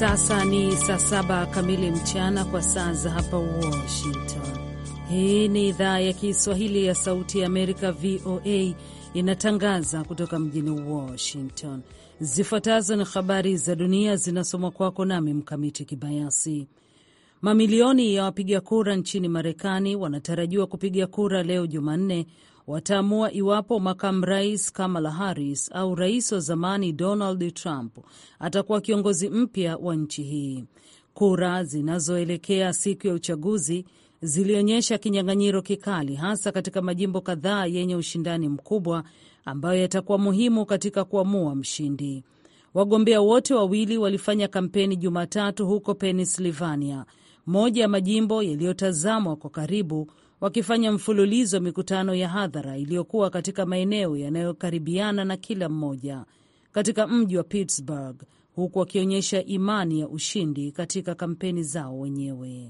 sasa ni saa saba kamili mchana kwa saa za hapa Washington. Hii ni idhaa ya Kiswahili ya Sauti ya Amerika, VOA, inatangaza kutoka mjini Washington. Zifuatazo ni habari za dunia zinasomwa kwako nami Mkamiti Kibayasi. Mamilioni ya wapiga kura nchini Marekani wanatarajiwa kupiga kura leo Jumanne, wataamua iwapo makamu rais Kamala Harris au rais wa zamani Donald Trump atakuwa kiongozi mpya wa nchi hii. Kura zinazoelekea siku ya uchaguzi zilionyesha kinyang'anyiro kikali, hasa katika majimbo kadhaa yenye ushindani mkubwa ambayo yatakuwa muhimu katika kuamua mshindi. Wagombea wote wawili walifanya kampeni Jumatatu huko Pennsylvania, moja ya majimbo yaliyotazamwa kwa karibu wakifanya mfululizo mikutano ya hadhara iliyokuwa katika maeneo yanayokaribiana na kila mmoja katika mji wa Pittsburgh, huku wakionyesha imani ya ushindi katika kampeni zao wenyewe.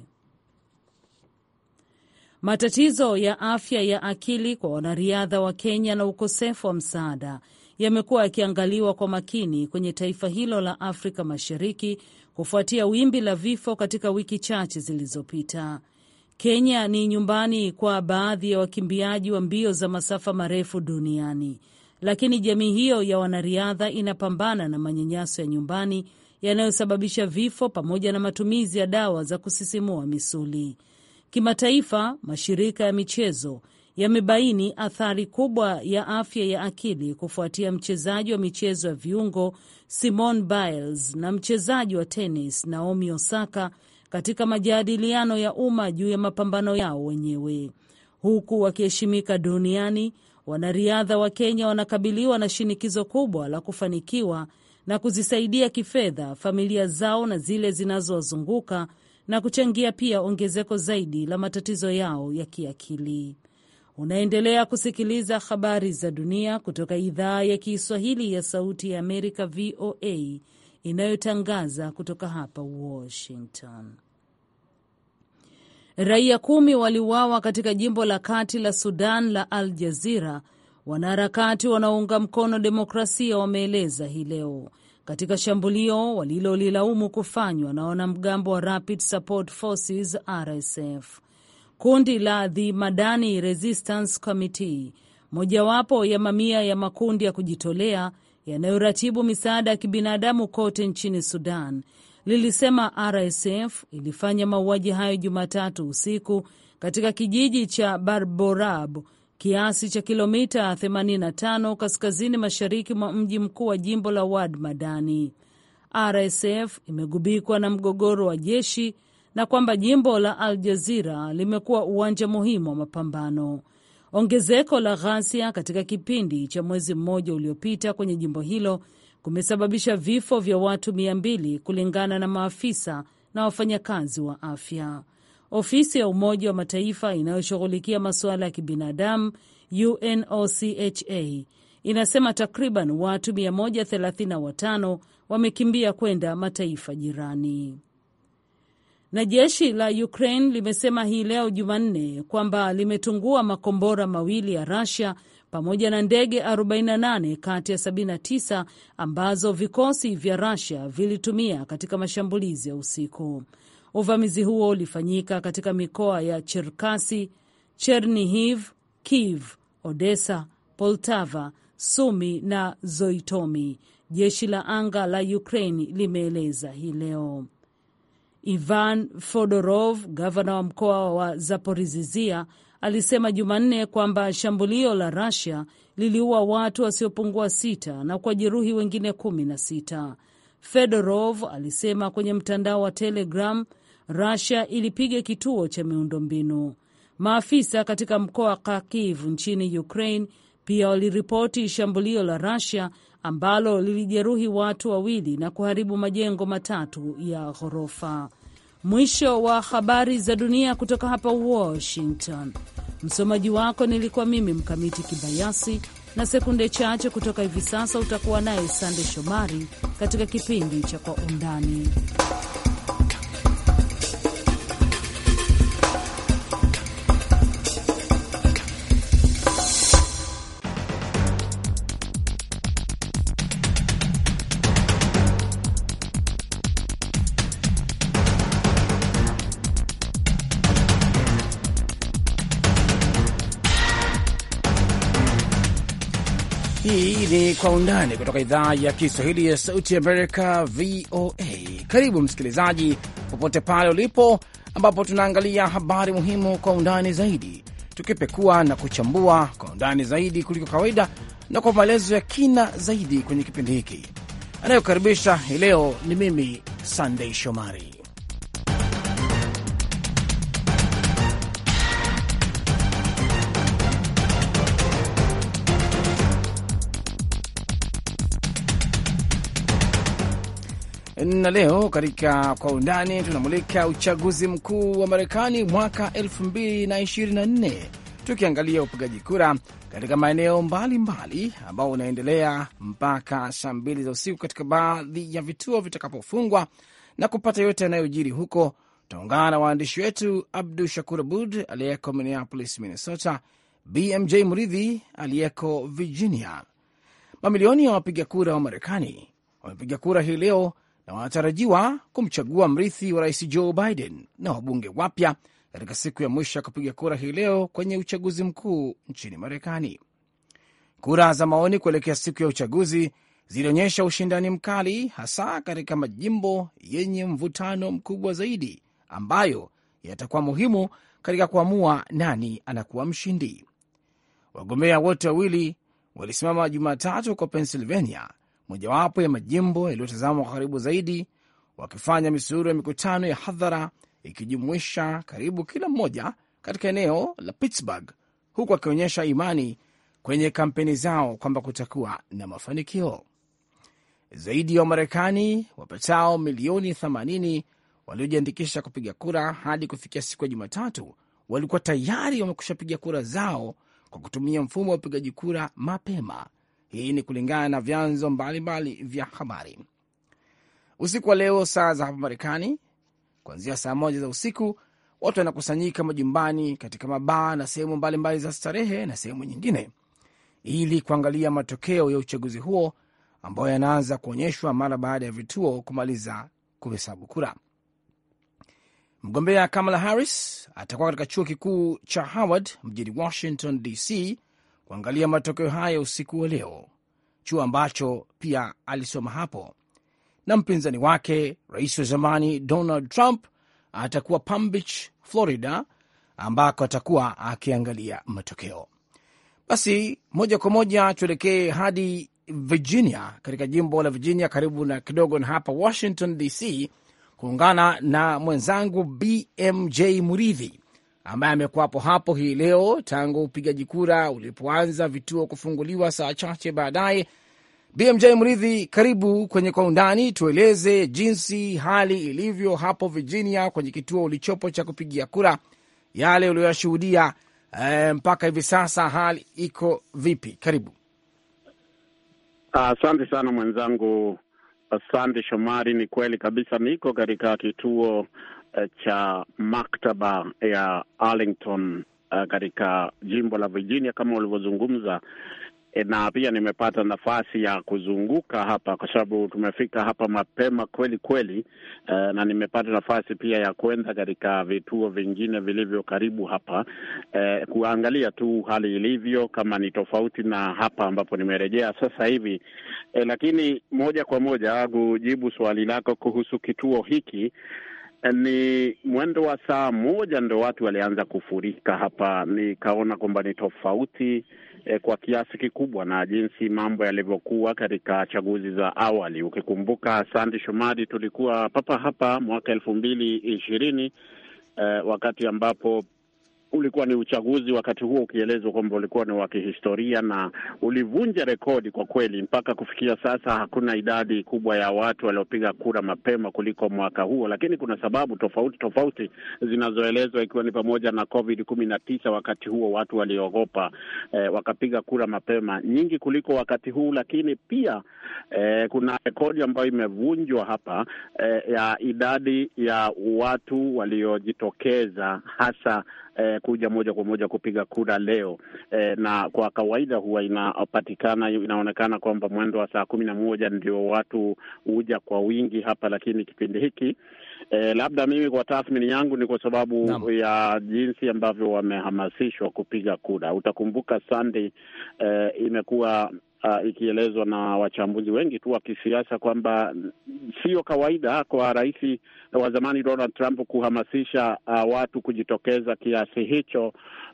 Matatizo ya afya ya akili kwa wanariadha wa Kenya na ukosefu wa msaada yamekuwa yakiangaliwa kwa makini kwenye taifa hilo la Afrika Mashariki kufuatia wimbi la vifo katika wiki chache zilizopita. Kenya ni nyumbani kwa baadhi ya wakimbiaji wa mbio za masafa marefu duniani, lakini jamii hiyo ya wanariadha inapambana na manyanyaso ya nyumbani yanayosababisha vifo pamoja na matumizi ya dawa za kusisimua misuli. Kimataifa, mashirika ya michezo yamebaini athari kubwa ya afya ya akili kufuatia mchezaji wa michezo ya viungo Simone Biles na mchezaji wa tenis Naomi Osaka katika majadiliano ya umma juu ya mapambano yao wenyewe. Huku wakiheshimika duniani, wanariadha wa Kenya wanakabiliwa na shinikizo kubwa la kufanikiwa na kuzisaidia kifedha familia zao na zile zinazowazunguka na kuchangia pia ongezeko zaidi la matatizo yao ya kiakili. Unaendelea kusikiliza habari za dunia kutoka idhaa ya Kiswahili ya Sauti ya Amerika, VOA, inayotangaza kutoka hapa Washington. Raia kumi waliuawa katika jimbo la kati la Sudan la Al Jazira, wanaharakati wanaounga mkono demokrasia wameeleza hii leo katika shambulio walilolilaumu kufanywa na wanamgambo wa Rapid Support Forces RSF. Kundi la The Madani Resistance Committee, mojawapo ya mamia ya makundi ya kujitolea yanayoratibu misaada ya kibinadamu kote nchini Sudan lilisema RSF ilifanya mauaji hayo Jumatatu usiku katika kijiji cha Barborab kiasi cha kilomita 85 kaskazini mashariki mwa mji mkuu wa jimbo la Wad Madani. RSF imegubikwa na mgogoro wa jeshi na kwamba jimbo la Al Jazira limekuwa uwanja muhimu wa mapambano. Ongezeko la ghasia katika kipindi cha mwezi mmoja uliopita kwenye jimbo hilo kumesababisha vifo vya watu mia mbili kulingana na maafisa na wafanyakazi wa afya. Ofisi ya Umoja wa Mataifa inayoshughulikia masuala ya kibinadamu UNOCHA inasema takriban watu 135 wamekimbia kwenda mataifa jirani na jeshi la Ukraine limesema hii leo Jumanne kwamba limetungua makombora mawili ya Russia pamoja na ndege 48 kati ya 79 ambazo vikosi vya Russia vilitumia katika mashambulizi ya usiku. Uvamizi huo ulifanyika katika mikoa ya Cherkasi, Chernihiv, Kiev, Odessa, Poltava, Sumi na Zoitomi, jeshi la anga la Ukraine limeeleza hii leo. Ivan Fodorov, gavana wa mkoa wa zaporizizia alisema Jumanne kwamba shambulio la rasia liliua watu wasiopungua sita na kujeruhi wengine kumi na sita. Fedorov alisema kwenye mtandao wa Telegram rasia ilipiga kituo cha miundombinu. Maafisa katika mkoa wa Kharkiv nchini Ukraine pia waliripoti shambulio la rasia ambalo lilijeruhi watu wawili na kuharibu majengo matatu ya ghorofa. Mwisho wa habari za dunia kutoka hapa Washington. Msomaji wako nilikuwa mimi Mkamiti Kibayasi, na sekunde chache kutoka hivi sasa utakuwa naye Sande Shomari katika kipindi cha Kwa Undani. Kwa Undani kutoka idhaa ya Kiswahili ya Sauti Amerika, VOA. Karibu msikilizaji, popote pale ulipo, ambapo tunaangalia habari muhimu kwa undani zaidi, tukipekua na kuchambua kwa undani zaidi kuliko kawaida na kwa maelezo ya kina zaidi kwenye kipindi hiki. Anayokaribisha hii leo ni mimi Sandei Shomari na leo katika kwa undani tunamulika uchaguzi mkuu wa Marekani mwaka 2024 tukiangalia upigaji kura katika maeneo mbalimbali ambao unaendelea mpaka saa mbili za usiku katika baadhi ya vituo vitakapofungwa. Na kupata yote yanayojiri huko, tutaungana na waandishi wetu Abdu Shakur Abud aliyeko Minneapolis, Minnesota, BMJ Muridhi aliyeko Virginia. Mamilioni ya wapiga kura wa Marekani wamepiga kura hii leo na wanatarajiwa kumchagua mrithi wa rais Joe Biden na wabunge wapya katika siku ya mwisho ya kupiga kura hii leo kwenye uchaguzi mkuu nchini Marekani. Kura za maoni kuelekea siku ya uchaguzi zilionyesha ushindani mkali, hasa katika majimbo yenye mvutano mkubwa zaidi ambayo yatakuwa muhimu katika kuamua nani anakuwa mshindi. Wagombea wote wawili walisimama Jumatatu kwa Pennsylvania mojawapo ya majimbo yaliyotazamwa kwa karibu zaidi, wakifanya misururu ya mikutano ya hadhara ikijumuisha karibu kila mmoja katika eneo la Pittsburgh, huku akionyesha imani kwenye kampeni zao kwamba kutakuwa na mafanikio. Zaidi ya Wamarekani wapatao milioni 80 waliojiandikisha kupiga kura hadi kufikia siku ya Jumatatu walikuwa tayari wamekusha piga kura zao kwa kutumia mfumo wa upigaji kura mapema hii ni kulingana na vyanzo mbalimbali vya habari. Usiku wa leo, saa za hapa Marekani, kuanzia saa moja za usiku, watu wanakusanyika majumbani, katika mabaa na sehemu mbalimbali za starehe na sehemu nyingine, ili kuangalia matokeo ya uchaguzi huo ambayo yanaanza kuonyeshwa mara baada ya vituo kumaliza kuhesabu kura. Mgombea Kamala Harris atakuwa katika chuo kikuu cha Howard mjini Washington DC kuangalia matokeo haya usiku wa leo, chuo ambacho pia alisoma hapo. Na mpinzani wake rais wa zamani Donald Trump atakuwa Palm Beach, Florida, ambako atakuwa akiangalia matokeo. Basi moja kwa moja tuelekee hadi Virginia, katika jimbo la Virginia, karibu na kidogo na hapa Washington DC, kuungana na mwenzangu BMJ Muridhi ambaye amekuwapo hapo hii leo tangu upigaji kura ulipoanza vituo kufunguliwa saa chache baadaye. BMJ Mridhi, karibu kwenye Kwa Undani. Tueleze jinsi hali ilivyo hapo Virginia, kwenye kituo ulichopo cha kupigia kura, yale uliyoyashuhudia e, mpaka hivi sasa, hali iko vipi? Karibu. Asante uh, sana mwenzangu Asante Shomari, ni kweli kabisa, niko katika kituo Eh, cha maktaba ya Arlington eh, katika jimbo la Virginia kama ulivyozungumza e, na pia nimepata nafasi ya kuzunguka hapa kwa sababu tumefika hapa mapema kweli kweli. Uh, na nimepata nafasi pia ya kwenda katika vituo vingine vilivyo karibu hapa uh, kuangalia tu hali ilivyo, kama ni tofauti na hapa ambapo nimerejea sasa hivi e, lakini moja kwa moja kujibu swali lako kuhusu kituo hiki Eh, ni mwendo wa saa moja ndo watu walianza kufurika hapa. Nikaona kwamba ni tofauti eh, kwa kiasi kikubwa na jinsi mambo yalivyokuwa katika chaguzi za awali. Ukikumbuka Sandi Shomari, tulikuwa papa hapa mwaka elfu mbili ishirini eh, wakati ambapo ulikuwa ni uchaguzi wakati huo ukielezwa kwamba ulikuwa ni wa kihistoria na ulivunja rekodi kwa kweli. Mpaka kufikia sasa hakuna idadi kubwa ya watu waliopiga kura mapema kuliko mwaka huo, lakini kuna sababu tofauti tofauti zinazoelezwa, ikiwa ni pamoja na Covid kumi na tisa. Wakati huo watu waliogopa eh, wakapiga kura mapema nyingi kuliko wakati huu, lakini pia eh, kuna rekodi ambayo imevunjwa hapa eh, ya idadi ya watu waliojitokeza hasa eh, kuja moja kwa moja kupiga kura leo eh, na kwa kawaida huwa inapatikana inaonekana kwamba mwendo wa saa kumi na moja ndio watu huja kwa wingi hapa, lakini kipindi hiki eh, labda mimi kwa tathmini yangu ni kwa sababu Namu. ya jinsi ambavyo wamehamasishwa kupiga kura. Utakumbuka Sunday eh, imekuwa uh, ikielezwa na wachambuzi wengi tu wa kisiasa kwamba sio kawaida kwa rais wa zamani Donald Trump kuhamasisha uh, watu kujitokeza kiasi hicho,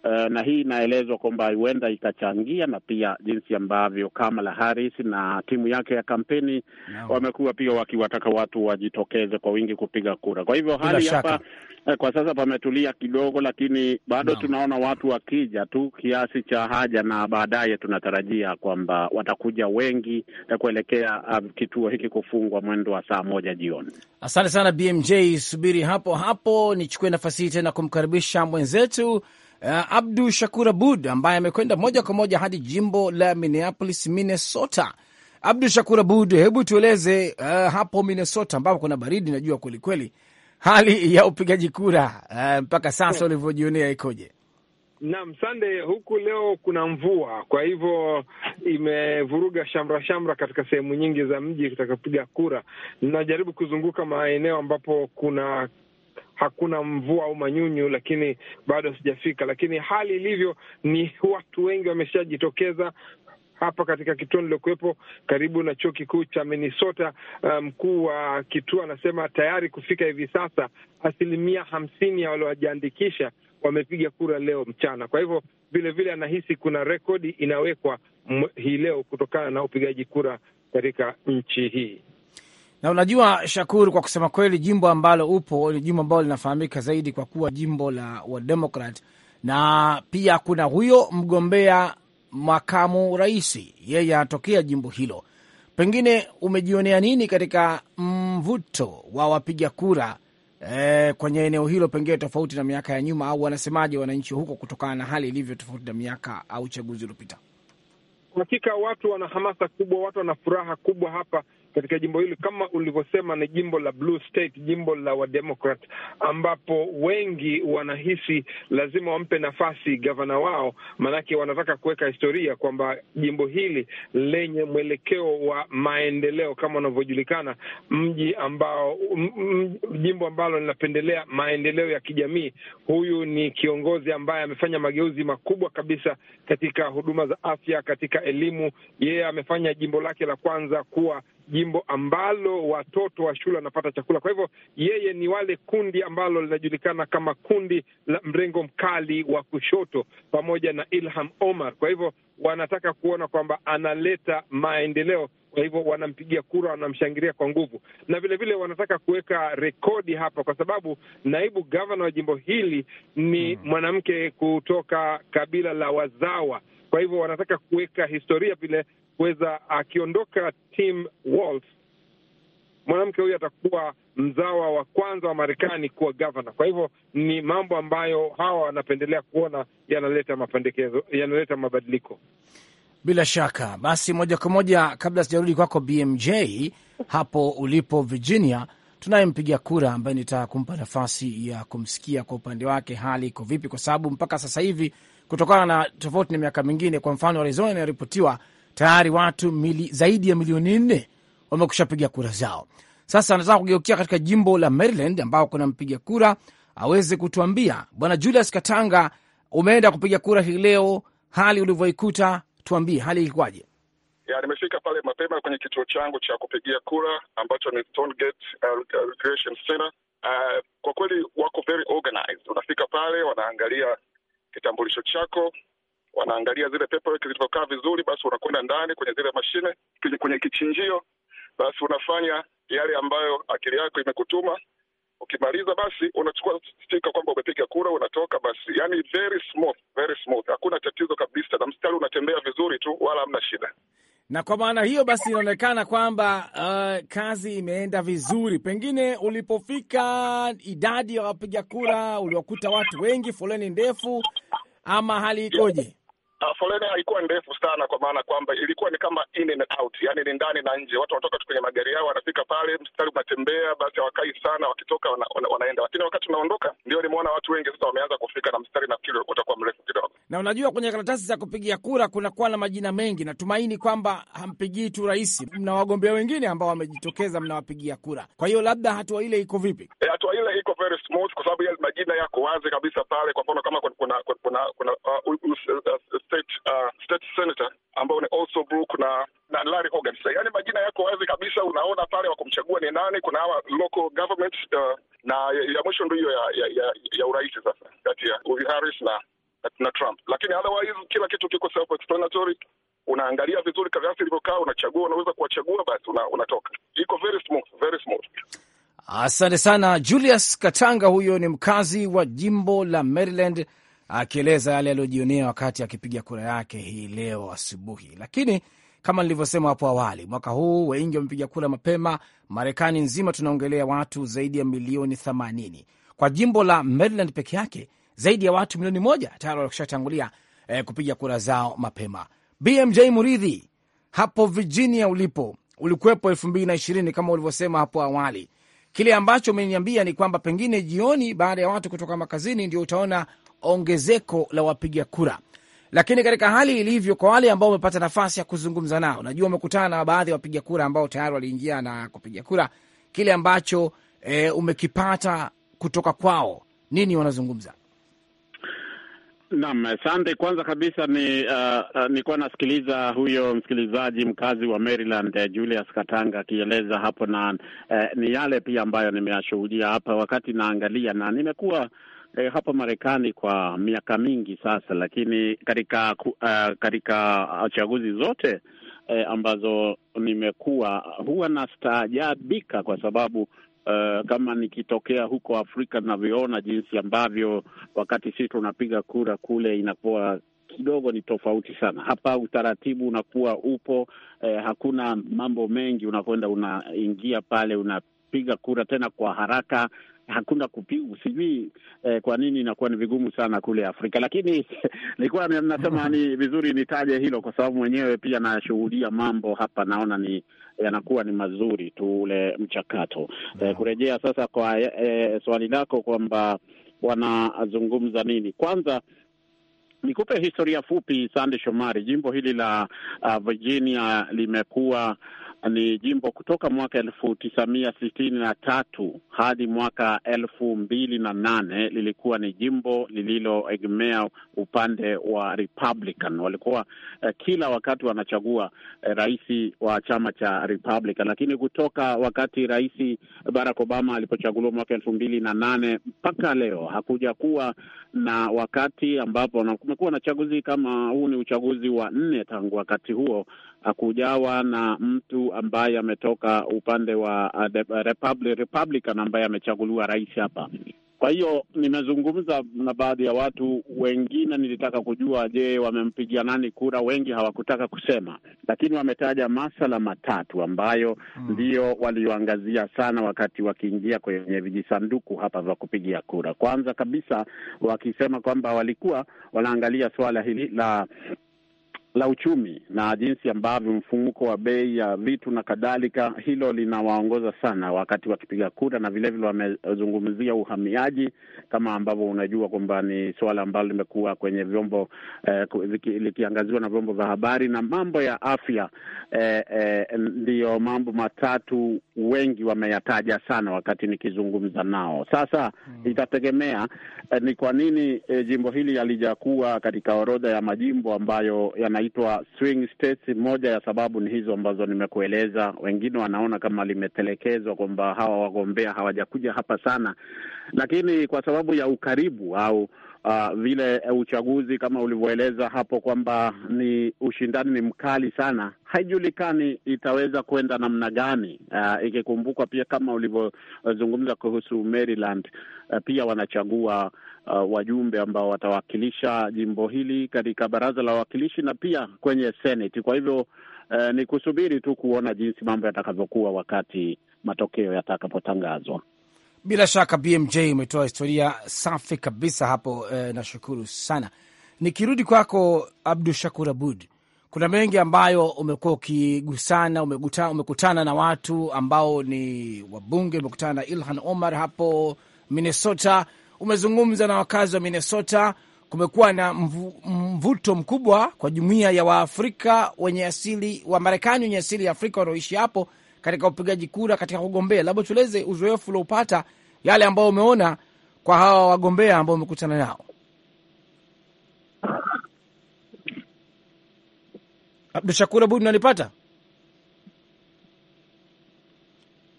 uh, na hii inaelezwa kwamba huenda ikachangia na pia jinsi ambavyo Kamala Harris na timu yake ya kampeni no. wamekuwa pia wakiwataka watu wajitokeze kwa wingi kupiga kura. Kwa hivyo hali hapa Eh, kwa sasa pametulia kidogo, lakini bado no. tunaona watu wakija tu kiasi cha haja, na baadaye tunatarajia kwamba watakuja wengi na eh, kuelekea um, kituo hiki kufungwa mwendo wa saa moja jioni. Asante sana BMJ, subiri hapo hapo. Nichukue nafasi hii tena kumkaribisha mwenzetu uh, Abdu Shakur Abud ambaye amekwenda moja kwa moja hadi jimbo la Minneapolis, Minnesota. Abdu Shakur Abud, hebu tueleze uh, hapo Minnesota ambapo kuna baridi najua kwelikweli hali ya upigaji kura uh, mpaka sasa hmm. ulivyojionea ikoje? Naam, sande. Huku leo kuna mvua, kwa hivyo imevuruga shamra shamra katika sehemu nyingi za mji kutaka kura. Najaribu kuzunguka maeneo ambapo kuna hakuna mvua au manyunyu, lakini bado sijafika. Lakini hali ilivyo ni watu wengi wameshajitokeza hapa katika kituo niliokuwepo karibu na chuo kikuu cha Minnesota. Uh, mkuu um, wa kituo anasema tayari kufika hivi sasa asilimia hamsini ya waliojiandikisha wamepiga kura leo mchana. Kwa hivyo vilevile anahisi kuna rekodi inawekwa hii leo kutokana na upigaji kura katika nchi hii. Na unajua Shakur, kwa kusema kweli, jimbo ambalo upo ni jimbo ambalo linafahamika zaidi kwa kuwa jimbo la Wademokrat, na pia kuna huyo mgombea makamu rais, yeye anatokea jimbo hilo. Pengine umejionea nini katika mvuto wa wapiga kura e, kwenye eneo hilo, pengine tofauti na miaka ya nyuma, au wanasemaje wananchi huko kutokana na hali ilivyo tofauti na miaka au chaguzi uliopita? Hakika watu wana hamasa kubwa, watu wana furaha kubwa hapa katika jimbo hili kama ulivyosema, ni jimbo la blue state, jimbo la Wademokrat, ambapo wengi wanahisi lazima wampe nafasi gavana wao, maanake wanataka kuweka historia kwamba jimbo hili lenye mwelekeo wa maendeleo kama unavyojulikana, mji ambao jimbo ambalo linapendelea maendeleo ya kijamii. Huyu ni kiongozi ambaye amefanya mageuzi makubwa kabisa katika huduma za afya, katika elimu. Yeye amefanya jimbo lake la kwanza kuwa jimbo jimbo ambalo watoto wa shule wanapata chakula. Kwa hivyo yeye ni wale kundi ambalo linajulikana kama kundi la mrengo mkali wa kushoto pamoja na Ilham Omar. Kwa hivyo wanataka kuona kwamba analeta maendeleo kwa hivyo wanampigia kura, wanamshangilia kwa nguvu, na vilevile vile wanataka kuweka rekodi hapa, kwa sababu naibu gavana wa jimbo hili ni hmm, mwanamke kutoka kabila la Wazawa. Kwa hivyo wanataka kuweka historia vile kuweza akiondoka Tim Walz, mwanamke huyu atakuwa mzawa wa kwanza wa Marekani kuwa gavana. Kwa hivyo ni mambo ambayo hawa wanapendelea kuona yanaleta mapendekezo, yanaleta mabadiliko. Bila shaka basi, moja kwa moja, kabla sijarudi kwako BMJ hapo ulipo Virginia, tunayempiga kura ambaye nitaka kumpa nafasi ya kumsikia kwa upande wake hali iko vipi, kwa sababu mpaka sasa hivi kutokana na tofauti na miaka mingine, kwa mfano Arizona inaripotiwa tayari watu mili, zaidi ya milioni nne wamekusha piga kura zao. Sasa anataka kugeukia katika jimbo la Maryland ambao kuna mpiga kura aweze kutuambia. Bwana Julius Katanga, umeenda kupiga kura hii leo, hali ulivyoikuta, tuambie hali ilikuwaje? Ya, nimefika pale mapema kwenye kituo changu cha kupigia kura ambacho ni Stonegate uh, Recreation Center. Uh, kwa kweli wako very organized. Unafika pale wanaangalia kitambulisho chako wanaangalia zile paperwork zilivyokaa vizuri, basi unakwenda ndani kwenye zile mashine, kwenye kichinjio, basi unafanya yale ambayo akili yako imekutuma. Ukimaliza basi unachukua stika kwamba umepiga kura, unatoka basi. Yani very smooth, very smooth, hakuna tatizo kabisa, na mstari unatembea vizuri tu, wala hamna shida. Na kwa maana hiyo basi inaonekana kwamba uh, kazi imeenda vizuri. Pengine ulipofika, idadi ya wapiga kura uliwakuta watu wengi, foleni ndefu, ama hali ikoje? Uh, foleni haikuwa ndefu sana, kwa maana kwamba ilikuwa ni kama in and out, yani ni ndani na nje. Watu wanatoka tu kwenye magari yao, wanafika pale, mstari unatembea, basi hawakai sana, wakitoka wana, wana, wanaenda. Lakini wakati unaondoka, ndio nimeona watu wengi sasa wameanza kufika, na mstari nafikiri utakuwa mrefu kidogo na unajua kwenye karatasi za kupigia kura kunakuwa na majina mengi. Natumaini kwamba hampigii tu rais, mna wagombea wengine ambao wamejitokeza, mnawapigia kura. Kwa hiyo labda hatua ile iko vipi? E, hatua ile iko very smooth kwa sababu majina yako wazi kabisa pale. Kwa mfano kama kuna kuna kuna uh, uh, state, uh, state senator ambao ni na na Larry Hogan, majina yako wazi kabisa, unaona pale wa kumchagua ni nani. Kuna hawa local government uh, na ya mwisho ndio hiyo ya, ya, ya, ya urais sasa kati ya Harris na na Trump, lakini otherwise kila kitu kiko self explanatory. Unaangalia vizuri karatasi ilivyokaa, unachagua, unaweza kuwachagua, basi una, unatoka. Iko very smooth, very smooth. Asante sana Julius Katanga, huyo ni mkazi wa jimbo la Maryland akieleza yale aliyojionea wakati akipiga ya kura yake hii leo asubuhi. Lakini kama nilivyosema hapo awali, mwaka huu wengi wamepiga kura mapema. Marekani nzima tunaongelea watu zaidi ya milioni 80. Kwa jimbo la Maryland peke yake zaidi ya watu milioni moja tayari walishatangulia eh, kupiga kura zao mapema. BMJ Muridhi, hapo Virginia ulipo, ulikuwepo elfu mbili na ishirini kama ulivyosema hapo awali. Kile ambacho umeniambia ni kwamba pengine jioni baada ya watu kutoka makazini ndio utaona ongezeko la wapiga kura, lakini katika hali ilivyo, kwa wale ambao wamepata nafasi ya kuzungumza nao, najua umekutana na baadhi ya wapiga kura ambao tayari waliingia na kupiga kura, kile ambacho e, umekipata kutoka kwao, nini wanazungumza? Naam, asante. Kwanza kabisa ni uh, uh, nilikuwa nasikiliza huyo msikilizaji mkazi wa Maryland eh, Julius Katanga akieleza hapo, na uh, ni yale pia ambayo nimeyashuhudia hapa wakati naangalia, na nimekuwa eh, hapa Marekani kwa miaka mingi sasa, lakini katika uh, katika chaguzi zote eh, ambazo nimekuwa huwa nastaajabika kwa sababu Uh, kama nikitokea huko Afrika navyoona jinsi ambavyo wakati sisi tunapiga kura kule inakuwa kidogo ni tofauti sana. Hapa utaratibu unakuwa upo, eh, hakuna mambo mengi. Unakwenda unaingia pale unapiga kura tena kwa haraka hakuna kupigwa. Sijui eh, kwa nini inakuwa ni vigumu sana kule Afrika, lakini nilikuwa nasema ni vizuri nitaje hilo kwa sababu mwenyewe pia nashuhudia mambo hapa, naona ni yanakuwa ni mazuri tu ule mchakato eh, kurejea sasa kwa eh, swali lako kwamba wanazungumza nini kwanza Nikupe historia fupi, Sande Shomari. Jimbo hili la uh, Virginia limekuwa ni jimbo kutoka mwaka elfu tisa mia sitini na tatu hadi mwaka elfu mbili na nane lilikuwa ni jimbo lililoegemea upande wa Republican. Walikuwa eh, kila wakati wanachagua eh, rais wa chama cha Republican, lakini kutoka wakati Rais Barack Obama alipochaguliwa mwaka elfu mbili na nane mpaka leo hakuja kuwa na wakati ambapo kumekuwa na chaguzi kama huu. Ni uchaguzi wa nne tangu wakati huo kujawa na mtu ambaye ametoka upande wa uh, uh, Republic, Republican ambaye amechaguliwa rais hapa. Kwa hiyo nimezungumza na baadhi ya watu wengine, nilitaka kujua, je, wamempigia nani kura? Wengi hawakutaka kusema, lakini wametaja masala matatu ambayo hmm. ndio hmm, walioangazia sana wakati wakiingia kwenye vijisanduku hapa vya kupigia kura. Kwanza kabisa wakisema kwamba walikuwa wanaangalia suala hili la la uchumi na jinsi ambavyo mfumuko wa bei ya vitu na kadhalika, hilo linawaongoza sana wakati wakipiga kura, na vilevile wamezungumzia uhamiaji, kama ambavyo unajua kwamba ni suala ambalo limekuwa kwenye vyombo eh, likiangaziwa na vyombo vya habari, na mambo ya afya eh, eh, ndiyo mambo matatu wengi wameyataja sana wakati nikizungumza nao. Sasa hmm, itategemea eh, ni kwa nini eh, jimbo hili halijakuwa katika orodha ya majimbo ambayo yana inaitwa swing states. Moja ya sababu ni hizo ambazo nimekueleza. Wengine wanaona kama limetelekezwa kwamba hawa wagombea hawajakuja hapa sana, lakini kwa sababu ya ukaribu au uh, vile eh, uchaguzi kama ulivyoeleza hapo kwamba ni ushindani ni mkali sana, haijulikani itaweza kwenda namna gani, uh, ikikumbukwa pia kama ulivyozungumza kuhusu Maryland, uh, pia wanachagua uh, wajumbe ambao watawakilisha jimbo hili katika baraza la wawakilishi na pia kwenye Senate. Kwa hivyo uh, ni kusubiri tu kuona jinsi mambo yatakavyokuwa wakati matokeo yatakapotangazwa. Bila shaka BMJ umetoa historia safi kabisa hapo eh, nashukuru sana. Nikirudi kwako Abdu Shakur Abud, kuna mengi ambayo umekuwa ukigusana, umekutana, na watu ambao ni wabunge, umekutana na Ilhan Omar hapo Minnesota, umezungumza na wakazi wa Minnesota. Kumekuwa na mvuto mkubwa kwa jumuiya ya Waafrika wenye asili wa Marekani wenye asili ya Afrika wanaoishi hapo katika upigaji kura katika kugombea, labda tueleze uzoefu uliopata, yale ambayo umeona kwa hawa wagombea ambao umekutana nao. Abdu Shakur Abud, unanipata?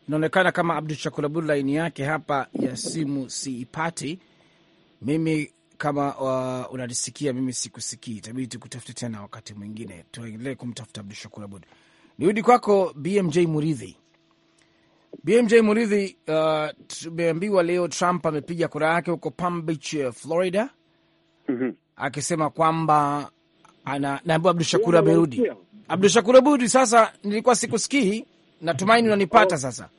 Inaonekana kama Abdu Shakur Abud laini yake hapa ya simu siipati. Mimi kama uh, unanisikia mimi sikusikii, itabidi tukutafute tena wakati mwingine, tuendelee kumtafuta Abdu Shakur Abud. Nirudi kwako BMJ Muridhi. BMJ Muridhi, uh, tumeambiwa leo Trump amepiga kura yake huko Palm Beach, uh, Florida, mm -hmm. akisema kwamba ana naambiwa Abdu Shakur amerudi. Abdu Shakur Abudi, sasa nilikuwa sikusikii, natumaini unanipata oh. sasa.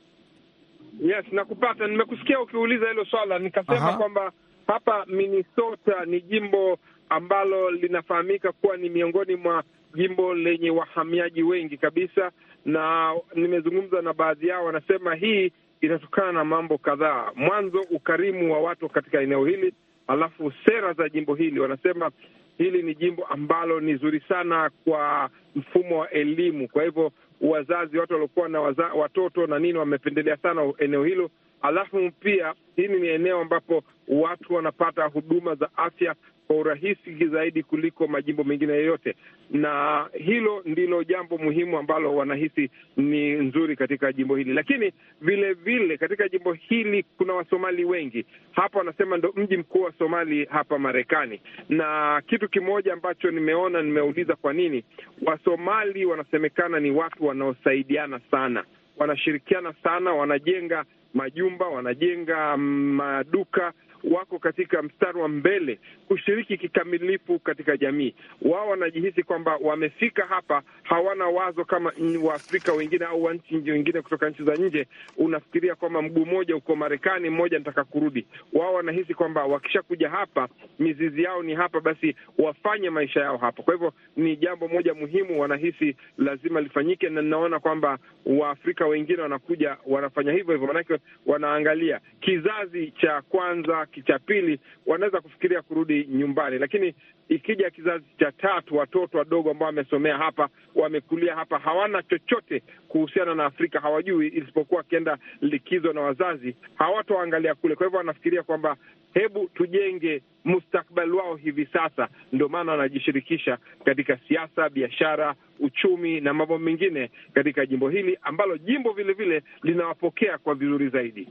Yes, nakupata, nimekusikia ukiuliza hilo swala, nikasema kwamba hapa Minnesota ni jimbo ambalo linafahamika kuwa ni miongoni mwa jimbo lenye wahamiaji wengi kabisa, na nimezungumza na baadhi yao, wanasema hii inatokana na mambo kadhaa. Mwanzo, ukarimu wa watu katika eneo hili, alafu sera za jimbo hili. Wanasema hili ni jimbo ambalo ni zuri sana kwa mfumo wa elimu, kwa hivyo wazazi, watu waliokuwa na waza, watoto na nini, wamependelea sana eneo hilo. Alafu pia hili ni eneo ambapo watu wanapata huduma za afya kwa urahisi zaidi kuliko majimbo mengine yoyote, na hilo ndilo jambo muhimu ambalo wanahisi ni nzuri katika jimbo hili. Lakini vilevile vile, katika jimbo hili kuna Wasomali wengi hapa, wanasema ndo mji mkuu wa Somali hapa Marekani. Na kitu kimoja ambacho nimeona, nimeuliza kwa nini Wasomali wanasemekana ni watu wanaosaidiana sana, wanashirikiana sana, wanajenga majumba, wanajenga maduka wako katika mstari wa mbele kushiriki kikamilifu katika jamii. Wao wanajihisi kwamba wamefika hapa, hawana wazo kama Waafrika wengine au wa nchi wengine kutoka nchi za nje. Unafikiria kwamba mguu mmoja uko Marekani, mmoja nataka kurudi. Wao wanahisi kwamba wakishakuja hapa, mizizi yao ni hapa, basi wafanye maisha yao hapa. Kwa hivyo ni jambo moja muhimu wanahisi lazima lifanyike, na ninaona kwamba Waafrika wengine wanakuja wanafanya hivyo hivyo, maanake wanaangalia kizazi cha kwanza cha pili wanaweza kufikiria kurudi nyumbani, lakini ikija kizazi cha tatu, watoto wadogo ambao wamesomea hapa, wamekulia hapa, hawana chochote kuhusiana na Afrika, hawajui isipokuwa wakienda likizo na wazazi, hawatoangalia kule. Kwa hivyo wanafikiria kwamba hebu tujenge mustakbali wao hivi sasa. Ndio maana wanajishirikisha katika siasa, biashara, uchumi na mambo mengine katika jimbo hili ambalo jimbo vilevile linawapokea kwa vizuri zaidi.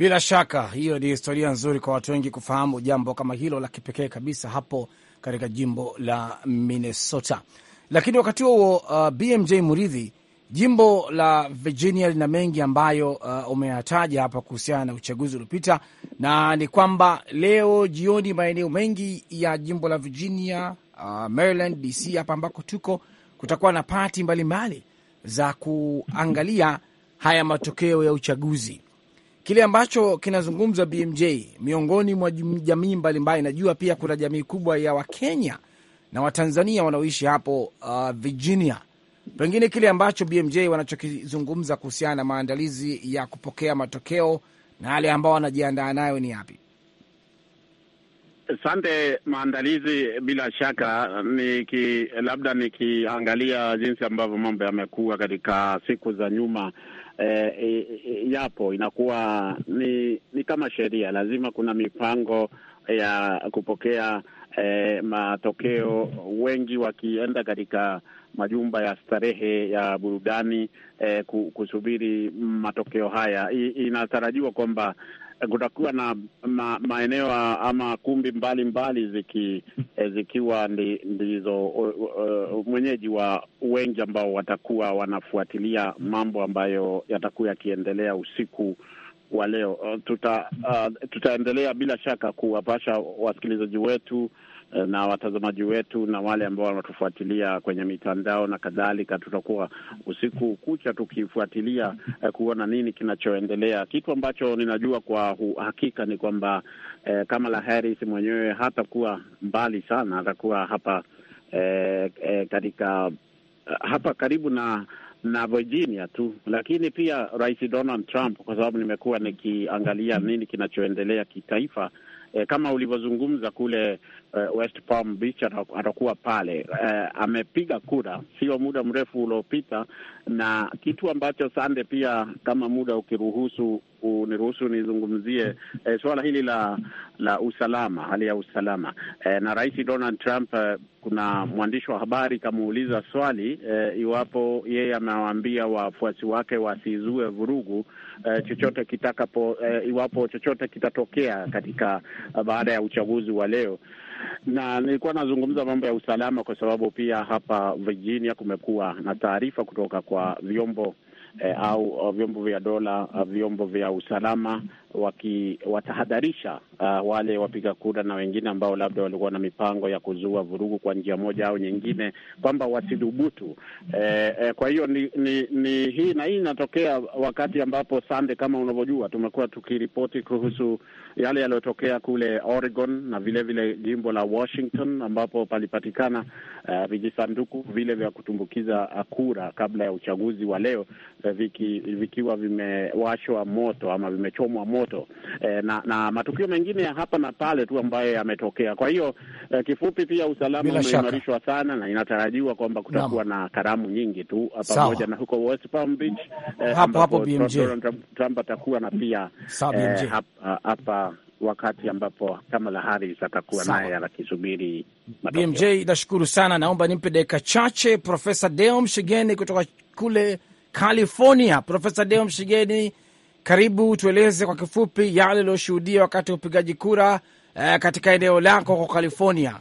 Bila shaka hiyo ni historia nzuri kwa watu wengi kufahamu jambo kama hilo la kipekee kabisa hapo katika jimbo la Minnesota. Lakini wakati huo uh, BMJ Muridhi, jimbo la Virginia lina mengi ambayo uh, umeyataja hapa kuhusiana na uchaguzi uliopita, na ni kwamba leo jioni maeneo mengi ya jimbo la Virginia, uh, Maryland DC, hapa ambako tuko, kutakuwa na pati mbalimbali za kuangalia haya matokeo ya uchaguzi kile ambacho kinazungumzwa BMJ miongoni mwa jamii mbalimbali. Najua pia kuna jamii kubwa ya Wakenya na Watanzania wanaoishi hapo uh, Virginia. Pengine kile ambacho BMJ wanachokizungumza kuhusiana na maandalizi ya kupokea matokeo na yale ambao wanajiandaa nayo ni yapi? Sante. Maandalizi bila shaka, niki labda nikiangalia jinsi ambavyo mambo yamekuwa katika siku za nyuma eh, yapo, inakuwa ni, ni kama sheria, lazima kuna mipango ya kupokea eh, matokeo, wengi wakienda katika majumba ya starehe ya burudani eh, kusubiri matokeo haya. I, inatarajiwa kwamba kutakuwa na ma, maeneo ama kumbi mbalimbali mbali ziki, eh, zikiwa ndizo uh, mwenyeji wa wengi ambao watakuwa wanafuatilia mambo ambayo yatakuwa yakiendelea usiku wa leo. Tuta, uh, tutaendelea bila shaka kuwapasha wasikilizaji wetu Eh, na watazamaji wetu na wale ambao wanatufuatilia kwenye mitandao na kadhalika. Tutakuwa usiku kucha tukifuatilia eh, kuona nini kinachoendelea. Kitu ambacho ninajua kwa uhakika ni kwamba eh, Kamala Harris mwenyewe hatakuwa mbali sana, atakuwa hapa eh, eh, katika hapa karibu na na Virginia tu, lakini pia Rais Donald Trump, kwa sababu nimekuwa nikiangalia nini kinachoendelea kitaifa. E, kama ulivyozungumza kule uh, West Palm Beach atakuwa pale. Uh, amepiga kura sio muda mrefu uliopita, na kitu ambacho sande, pia kama muda ukiruhusu, uniruhusu nizungumzie uh, eh, suala hili la la usalama, hali ya usalama uh, na Rais Donald Trump uh, kuna mwandishi wa habari kamuuliza swali uh, iwapo yeye amewaambia wafuasi wake wasizue vurugu uh, chochote kitakapo uh, iwapo chochote kitatokea katika uh, baada ya uchaguzi wa leo na nilikuwa nazungumza mambo ya usalama kwa sababu pia hapa Virginia kumekuwa na taarifa kutoka kwa vyombo eh, au vyombo vya dola, eh, vyombo vya usalama wakiwatahadharisha uh, wale wapiga kura na wengine ambao labda walikuwa na mipango ya kuzua vurugu kwa njia moja au nyingine kwamba wasidhubutu. Eh, eh, kwa hiyo ni, ni, ni hii na hii inatokea wakati ambapo sande, kama unavyojua, tumekuwa tukiripoti kuhusu yale yaliyotokea kule Oregon na vilevile vile jimbo la Washington ambapo palipatikana uh, vijisanduku vile vya kutumbukiza kura kabla ya uchaguzi wa leo uh, viki, vikiwa vimewashwa moto ama vimechomwa moto moto e, eh, na, na matukio mengine ya hapa na pale tu ambayo yametokea. Kwa hiyo e, kifupi pia usalama umeimarishwa sana, na inatarajiwa kwamba kutakuwa na karamu nyingi tu eh, pamoja na huko West Palm Beach e, hapo hapo BMJ Trump atakuwa na pia e, hapa, wakati ambapo Kamala Harris atakuwa naye anakisubiri. BMJ, nashukuru sana. Naomba nimpe dakika chache Profesa Deo Mshigeni kutoka kule California. Profesa Deo Mshigeni karibu tueleze kwa kifupi yale aliyoshuhudia wakati wa upigaji kura eh, katika eneo lako kwa California.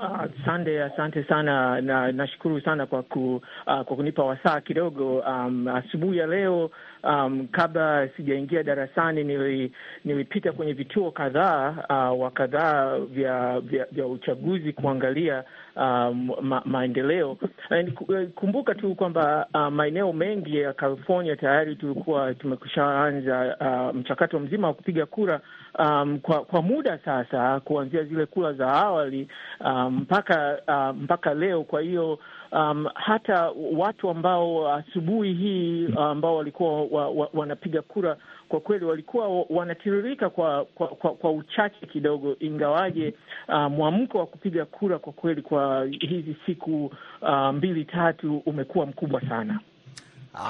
Ah, asante, uh, asante sana na nashukuru sana kwa, ku, uh, kwa kunipa wasaa kidogo um, asubuhi ya leo um, kabla sijaingia darasani nili, nilipita kwenye vituo kadhaa uh, wa kadhaa vya, vya, vya uchaguzi kuangalia um, ma, maendeleo. Eh, kumbuka tu kwamba uh, maeneo mengi ya California tayari tulikuwa tumekushaanza uh, mchakato mzima wa kupiga kura um, kwa kwa muda sasa, kuanzia zile kura za awali um, mpaka um, uh, mpaka leo. Kwa hiyo um, hata watu ambao asubuhi hii ambao walikuwa wa, wa, wanapiga kura kwa kweli walikuwa wanatiririka kwa kwa, kwa, kwa uchache kidogo, ingawaje uh, mwamko wa kupiga kura kwa kweli kwa hizi siku uh, mbili tatu umekuwa mkubwa sana.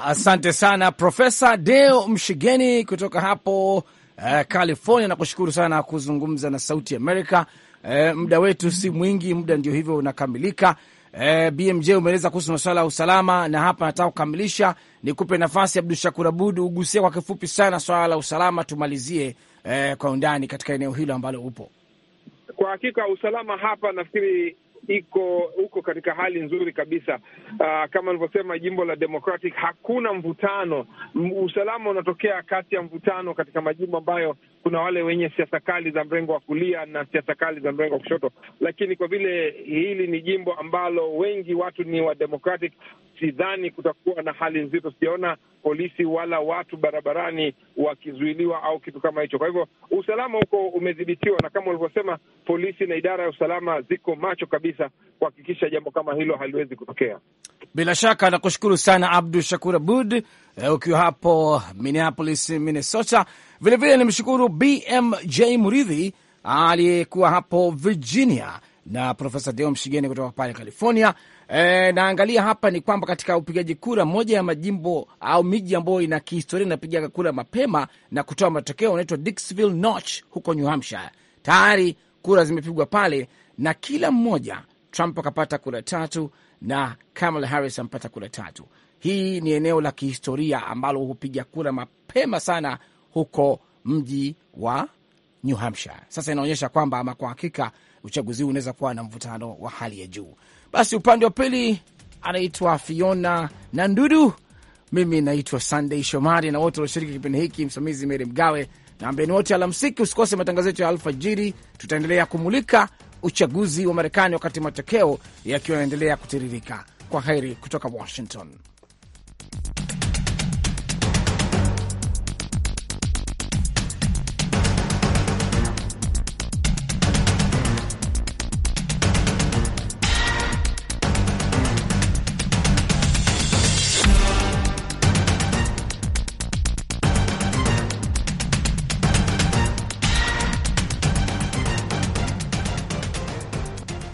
Asante sana Profesa Deo Mshigeni kutoka hapo eh, California. Nakushukuru sana kuzungumza na Sauti Amerika. Eh, muda wetu si mwingi, muda ndio hivyo unakamilika. Eh, BMJ umeeleza kuhusu masuala ya usalama, na hapa nataka kukamilisha, nikupe nafasi Abdu Shakur Abud ugusie kwa kifupi sana swala la usalama, tumalizie eh, kwa undani katika eneo hilo ambalo upo. Kwa hakika usalama hapa nafikiri iko uko katika hali nzuri kabisa. Uh, kama alivyosema jimbo la Democratic hakuna mvutano. Usalama unatokea kati ya mvutano katika majimbo ambayo kuna wale wenye siasa kali za mrengo wa kulia na siasa kali za mrengo wa kushoto, lakini kwa vile hili ni jimbo ambalo wengi watu ni wa Democratic, sidhani kutakuwa na hali nzito. Sijaona polisi wala watu barabarani wakizuiliwa au kitu kama hicho. Kwa hivyo usalama huko umedhibitiwa, na kama ulivyosema, polisi na idara ya usalama ziko macho kabisa kuhakikisha jambo kama hilo haliwezi kutokea. Bila shaka nakushukuru sana Abdu Shakur Abud eh, ukiwa hapo Minneapolis, Minnesota. Vilevile nimshukuru BMJ Muridhi aliyekuwa hapo Virginia na Profesa Deo Mshigeni kutoka pale California. E, naangalia hapa ni kwamba katika upigaji kura, moja ya majimbo au miji ambayo ina kihistoria inapiga kura mapema na kutoa matokeo unaitwa Dixville Notch huko New Hampshire. Tayari kura zimepigwa pale na kila mmoja, Trump akapata kura tatu na Kamala Harris ampata kura tatu. Hii ni eneo la kihistoria ambalo hupiga kura mapema sana huko mji wa New Hampshire. Sasa inaonyesha kwamba ama kwa hakika uchaguzi huu unaweza kuwa na mvutano wa hali ya juu. Basi upande wa pili anaitwa Fiona na Ndudu, mimi naitwa Sunday Shomari na wote walioshiriki kipindi hiki, msimamizi Meri Mgawe na ambeni wote alamsiki. Usikose matangazo yetu ya alfajiri, tutaendelea kumulika uchaguzi wa Marekani wakati matokeo yakiwa yanaendelea kutiririka. Kwa heri kutoka Washington.